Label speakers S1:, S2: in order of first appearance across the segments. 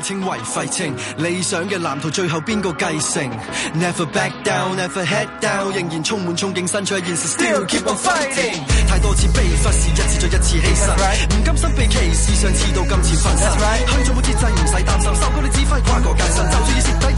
S1: 稱為廢青理想嘅藍圖最後邊個繼承？Never back down, never head down，仍然充滿憧憬，身處現實，Still keep on fighting。太多次被忽視，一次再一次犧牲，唔、right. 甘心被歧視，上次到今次分身。Right. 去做冇節制，唔使擔心，收到你指揮，跨過界線，就算蝕底。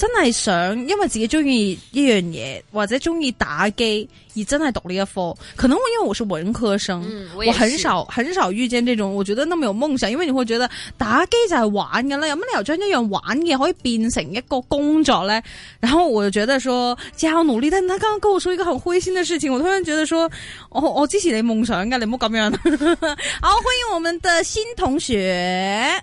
S2: 真係想，因為自己中意一樣嘢，或者中意打機而真係讀呢一科。可能我因為我是文科生，嗯、我，我很少很少遇見這種我覺得那麼有夢想。因為你會覺得打機就係玩嘅啦，有乜理由將一樣玩嘅可以變成一個工作咧？然後我就覺得說，只好努力。但係佢剛剛跟我說一個很灰心的事情，我突然覺得說，我我支持你嘅夢想㗎，你唔好咁樣。 好，歡迎我們的新同學。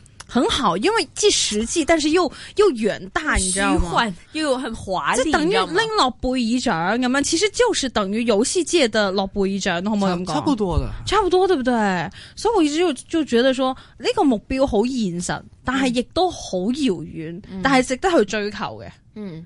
S2: 很好，因為既實際，但是又又遠大，你知道嗎？又有很華麗，就等於拎諾貝爾獎，咁樣，其實就是等於遊戲界的諾貝爾獎，可唔可以咁講？差不多的，差不多對不對？所以我一直就就覺得說呢個目標好現實，但係亦都好遙
S3: 遠，但係
S2: 值得去追求嘅。嗯。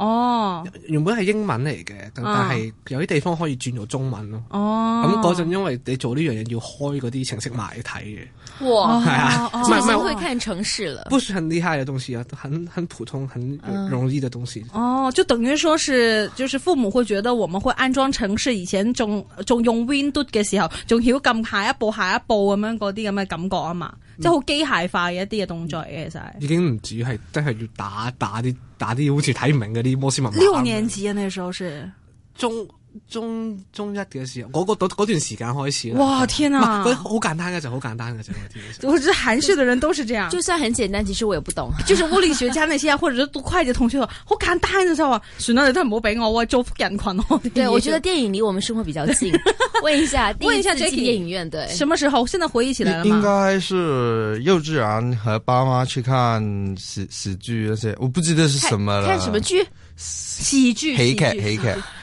S4: 哦，原本係英文嚟嘅、啊，但係有啲地方可以轉做中文咯。哦、啊，咁嗰陣因為你做呢樣嘢要開嗰啲程式埋睇嘅。哇，慢慢會
S2: 看程式
S5: 了，
S4: 不是，不是，不算很厲害嘅東西啊，很很普通、很容易嘅東西、啊。哦，
S2: 就等於說是，就是父母會覺得我們會安裝程式，以前仲仲用 Windows 嘅時候，仲要撳下一步、下一步咁樣嗰啲咁嘅感覺啊嘛、嗯，即係好機械化嘅一啲嘅動作嘅、嗯、其實。
S4: 已經唔止係，即係要打打啲。打啲好似睇唔明嗰啲摩斯密碼。六年級啊那時候是中。中中一嘅時候，嗰個嗰嗰段時間開始。哇天啊，嗰好簡單嘅就，好簡單嘅
S2: 就。我覺得韓式的人都是這樣，就是，就算很簡單，其實我也不懂。就是物理學家那些， 或者是讀會計同學，好簡單嘅時候。算啦，你都唔好俾我做人群。對，我覺得電影離我們生活比較近。
S5: 問一下，問一下，最近電影院對？什
S2: 麼時候？我現在回憶起
S5: 來啦。應
S6: 該是幼稚園和爸媽去看喜喜劇，我不知道是什麼了看，看什麼劇？
S5: 喜劇，喜劇。喜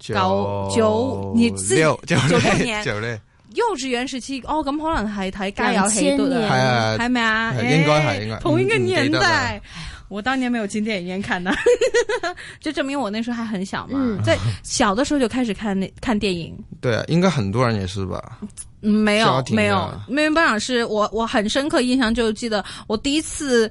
S6: 九九，你自己九,九,九年，九咩
S2: 年幼稚園時期哦，咁可能係睇《家有喜事》還，係係咪啊還還？應該還、哎、應該同一個年代，我當年沒有進電影院看的， 就證明我那時候還很小嘛。嗯、在小的時候就開始看那看電影，
S6: 對、啊，應該很多人也是吧？
S2: 沒、嗯、有沒有，啊《妹妹班長》明明是我我很深刻印象，就記得我第一次。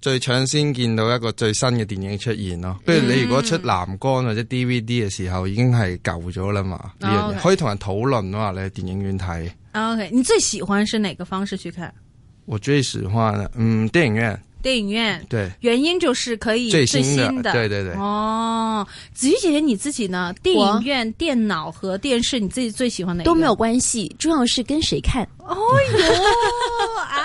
S6: 最搶先見到一個最新嘅電影出現咯，譬如你如果你出藍光或者 DVD 嘅時候，已經係舊咗啦嘛，呢樣嘢可以同人討論嘅話咧，你去電影院睇。
S2: OK，你最喜歡是哪個方式去看？
S6: 我最喜歡的，嗯，電影院。
S2: 電影院對，原因就是可以最新的，新的對對對。哦，子瑜姐姐你自己呢？電影院、電腦和電視，你自己最喜歡的都沒有
S5: 關係，重要是跟誰看。哦 喲、oh, 呦 啊！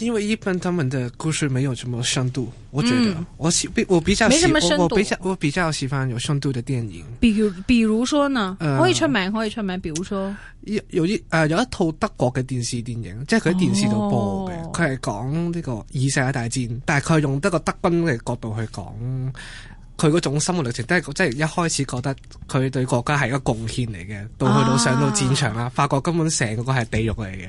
S4: 因為一般他們的故事沒有什麼深度，我覺得、嗯、我比我比較有我，我比較我比較喜歡有深度的電影。
S2: 比如，比如說呢，呃、可以出名可以出名。比如說，
S4: 有，有，一、呃、有一套德國嘅電視電影，即係佢喺電視度播嘅，佢、哦、係講呢個二世界大戰，但係佢用得個德軍嘅角度去講佢嗰種生活歷程，都係即係一開始覺得佢對國家係一個貢獻嚟嘅，到去到上到戰場啦，發、啊、覺根本成個個係地獄嚟嘅。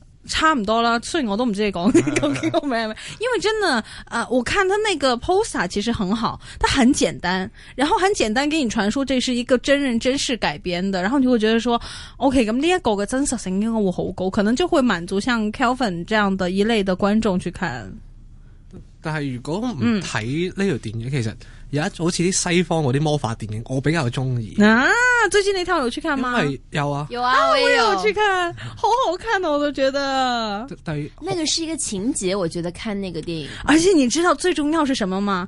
S2: 差唔多啦，雖然我都唔知道你講緊個咩咩， 因為真的，啊、呃，我看他那個 post 其實很好，他很簡單，然後很簡單給你傳說這是一個真人真事改編的，然後你會覺得說，OK，咁呢個的真實性應該會好高，可能就會滿足像 Kelvin 這樣的一類的觀眾去看。
S4: 但係如果唔睇呢條電影，其、嗯、實。有一好似啲西方嗰啲魔法電影，我比較中意。啊，
S2: 最近你睇有去看嗎？
S5: 有啊，
S4: 有啊，我，有，啊
S7: 我，有，我有
S2: 去看，好好看啊！我都覺得對於那個是一個情節，我覺得看那個電影，而且你知道最重要是什麼嗎？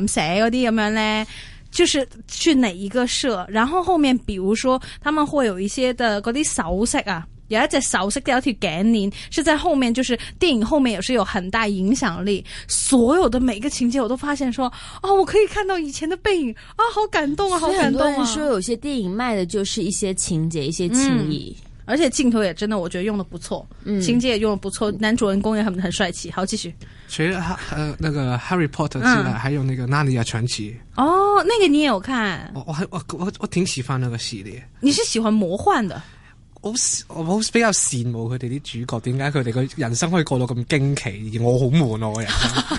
S2: 咁寫嗰啲咁樣呢，就是去哪一個社，然後後面比如說他們會有一些的嗰啲首飾啊，有一隻首飾掉去給你，是在後面，就是電影後面也是有很大影響力。所有的每個情節，我都發現說，哦，我可以看到以前的背影啊、哦，好感動啊，好感動啊！說有些電影賣的就是一些情節，一些情誼。嗯而且鏡頭也真的，我覺得用的不錯，嗯，情節也用的不錯，男主人公也很很帥氣。好，繼續。
S4: 除了哈呃那個《Harry Potter 之》之、嗯、外，還有那個《納尼亞傳奇》。
S2: 哦，那個你也有看？
S4: 我我我我我挺喜歡那個系列。
S2: 你是喜歡魔幻
S4: 的？我我我比較羨慕佢哋啲主角，點解佢哋嘅人生可以過到咁驚奇，而我好悶啊！我人生。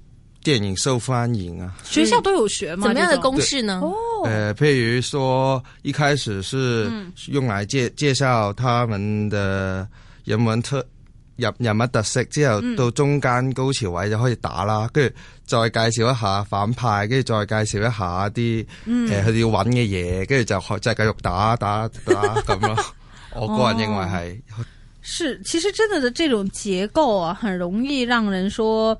S6: 電影受歡迎啊！學校
S2: 都有學嘛、嗯？怎麼樣的公式呢？
S6: 哦，呃，譬如說，一開始是用來介、嗯、介紹他們的人物出入人物特色，之後、嗯、到中間高潮位就可以打啦。跟、嗯、住再介紹一下反派，跟住再介紹一下啲誒，佢、嗯、哋、呃、要搵嘅嘢，跟住就就繼續打打、嗯、打咁咯。 我個人認為係是，、哦、
S2: 是，其實真的的這種結構啊，很容易讓人說。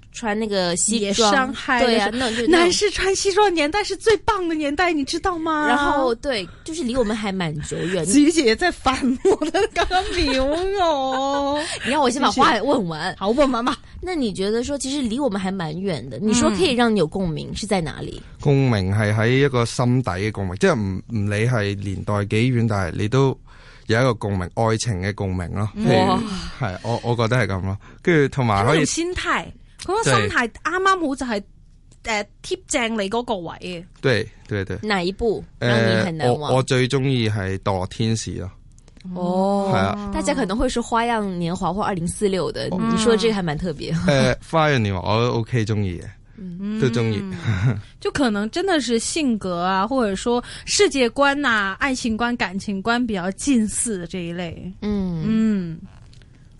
S5: 穿那個西裝，裝，對呀、啊，男士
S2: 穿西裝年代是最棒的年代，你知道嗎？然後對，就是離我們還
S5: 蠻久遠。自己也在反我
S7: 的剛剛提問哦， 你讓我先把話問
S5: 完。好吧，問完媽。那你覺得說，其實離我們還蠻遠的。你說可以讓你有共鳴、嗯、是在哪裏？
S6: 共鳴係喺一個心底嘅共鳴，即係唔唔理係年代幾遠，但係你都有一個共鳴，愛情嘅共鳴咯。哇，係、哦、我我覺得係咁咯。跟住同埋可以心
S2: 態。因、那、為、個、心態啱啱好就係誒貼正你嗰個位嘅，
S6: 對對對，
S2: 哪一部讓
S6: 你很難忘誒、呃？我我最中意係墮天使啊，
S2: 哦，係啊，大家可能會說花樣年華或二零四六的，哦，你說這個還蠻特別。誒、嗯
S5: 呃，
S6: 花樣年華我 OK 中意嘅，
S2: 都中
S6: 意。
S2: 就可能真的是性格啊，或者說世界觀啊、愛情觀、感情觀比較近似的這一類。嗯嗯。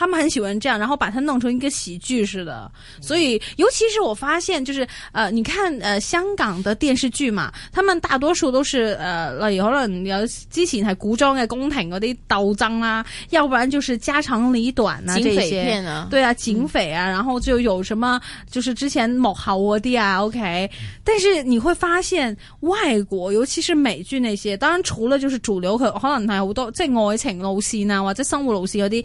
S2: 他們很喜歡這樣，然後把它弄成一個喜劇似的。嗯、所以，尤其是我發現，就是呃，你看呃，香港的電視劇嘛，他們大多數都是呃，例如可能有之前係古裝嘅宮廷嗰啲鬥爭啦，要不然就是家長裏短啊，警匪片啊這些。對啊，警匪啊，嗯、然後就有什麼就是之前某好窩的啊。OK，但是你會發現，外國尤其是美劇那些，當然除了就是主流，佢可能係好多即係愛情路線啊，或者生活路線嗰啲。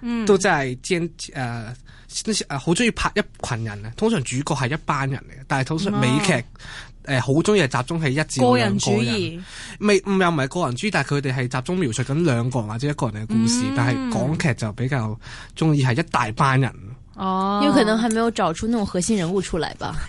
S4: 嗯、都真係將誒，好中意拍一群人啊！通常主角係一班人嚟嘅，但係通常美劇誒好中意係集中喺一至兩個人。個人主義未唔又唔係個人主義，但係佢哋係集中描述緊兩個人或者一個人嘅故事，嗯、但係港劇就比較中意係一大班人。
S5: 哦，因為可能還沒有找出那種核心人物出來吧。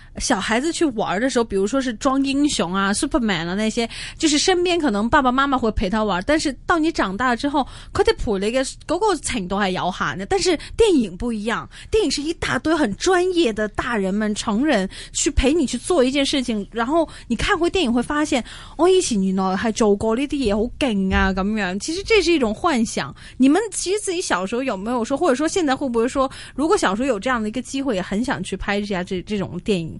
S2: 小孩子去玩的時候，比如說是裝英雄啊、Superman 啊那些，就是身邊可能爸爸媽媽會陪他玩。但是到你長大之後，柯蒂了那個狗狗請都還搖喊呢。但是電影不一樣，電影是一大堆很專業的大人們、成人去陪你去做一件事情。然後你看回電影會發現，我以前原來還走過呢啲嘢，好勁啊，咁樣。其實這是一種幻想。你們其實自己小時候有沒有說，或者說現在會不會說，如果小時候有這樣的一個機會，也很想去拍一下這這種電影？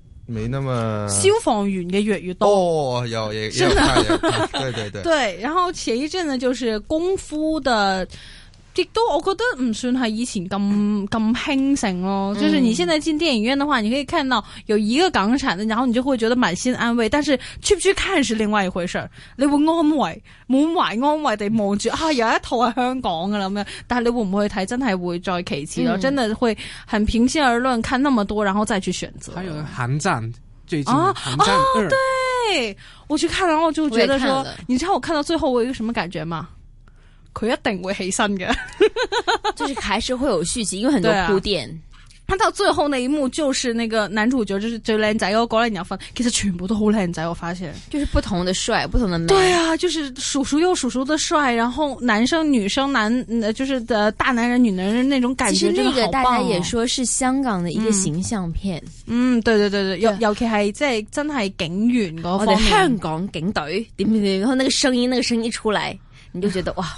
S6: 沒那麼消
S2: 防員嘅越越多，有嘢，真係，對對對， 對，然後前一陣呢，就是功夫的。亦都我覺得唔算係以前咁咁興盛咯，喔，就是你現在進電影院的話，你可以看到有一個港產的，然後你就會覺得滿心安慰。但是去不去看是另外一回事，你會安慰，滿懷安，安慰地望住啊，有一套喺香港噶啦咁樣。但係你會唔會睇？真係會再其次咯，然後真的會很平心而論，看那麼多然後再去選擇。還
S4: 有寒戰最近，寒戰，啊，
S2: 對我去看，然後就覺得說，你知道我看到最後我有一個什麼感覺嗎？佢一定會起身嘅 就是還是會有續集，因為很多鋪墊。佢、啊、到最後那一幕，就是那個男主角，就是最靚仔，過來你要翻，其實全部都好靚仔。我發現，就是不同的帥，不同的美。對啊，就是叔叔又叔叔的帥，然後男生女生男，就是的大男人女男人那種感覺。其實呢個大家也說是香港的一個形象片。嗯，對、嗯、對對對，對尤其佢喺在真係警員嗰方、哦，香港警隊點點點，然後那個聲音那個聲音一出來，你就覺得哇！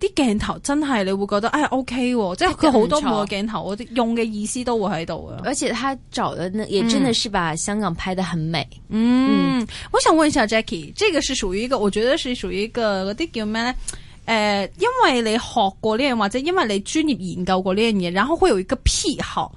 S2: 啲鏡頭真係，你會覺得哎 OK 喎，即係佢好多個鏡頭，我用嘅意思都會喺度啊！而且他找嘅呢，也真的是把香港拍得很美。
S7: 嗯，
S2: 嗯，我想問一下 Jacky，這個是屬於一個，我覺得是屬於一個嗰啲叫咩呢？誒、呃，因為你學過呢樣或者因為你專業研究過呢樣嘢，然後會有一個癖好。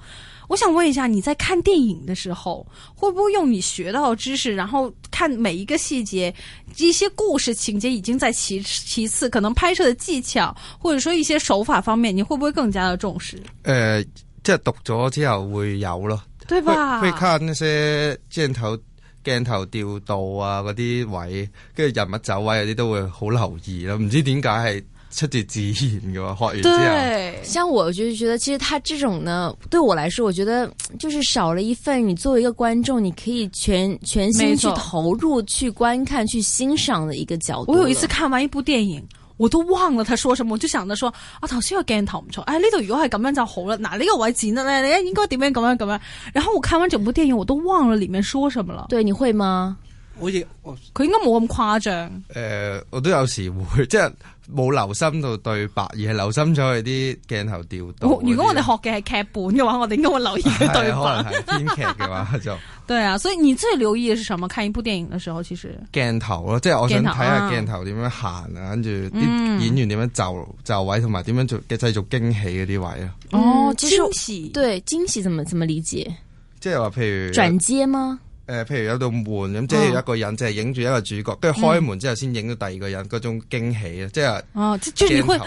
S2: 我想問一下，你在看電影的時候，會不會用你學到的知識，然後看每一個細節，一些故事情節已經在其次其次，可能拍攝的技巧，或者說一些手法方面，你會不會更加的
S4: 重視？
S6: 呃即係讀咗之後會有咯，對吧？會，會看那些鏡頭、鏡頭調度啊，嗰啲位，跟住人物走位嗰啲都會好留意咯。唔知點解係。出自自然嘅，學對，
S2: 像我就
S5: 覺得其實他這種呢，對我來說，我覺得就是少了一份你作為一個觀眾，你可以全全心去投入去觀看去欣賞的一個角度。我有一次看
S2: 完一部電影，我都忘了他說什麼，我就想着說，啊有鏡頭，先個鏡頭唔錯，哎呢度如果係咁樣就好啦，嗱呢個位剪得咧，你應該點樣咁樣咁樣。然後我看完整部電影，我都忘了裏面說什麼了。對，你會嗎？好似我佢應該冇咁誇張。
S6: 誒、呃，我都有時會即係。冇留心到對白，而係留心咗佢啲鏡頭調度。
S2: 如果我哋學嘅係劇本嘅話，該我哋應該會留意佢對白。
S6: 啊， 編劇嘅話就。
S2: 對啊，所以你最留意嘅係什麼？看一部電影嘅時候，其實
S6: 鏡頭咯，即係我想睇下鏡頭點樣行啊，跟住啲演員點樣就就位，同埋點樣做嘅製造驚喜嗰啲位咯。
S5: 哦，驚喜，對驚喜，怎麼怎麼理解？
S6: 即係話，譬如轉
S5: 接嗎？
S6: 誒、呃，譬如有道門咁，即係一個人即係影住一個主角，跟、哦、住開門之後先影到第二個人，嗰、嗯、種驚喜啊，即係哦，轉鏡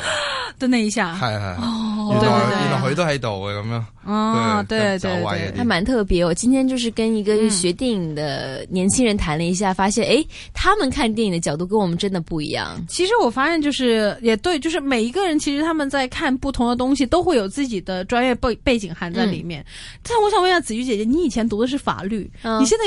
S2: 頭，那一下，
S5: 係
S6: 係，哦，原來佢都喺度嘅咁樣，哦，對對對，啊哦對，對，對，對，還蠻
S5: 特別。我今天就是跟一個
S2: 學電影的年輕人談了一下，嗯、發現哎、欸，他們看電影的角度跟我們真的不一樣。其實我發現就是也對，就是每一個人其實他們在看不同的東西，都會有自己的專業背背景含在裏面、嗯。但我想問一下子瑜姐姐，你以前讀的是法律，嗯、你現在？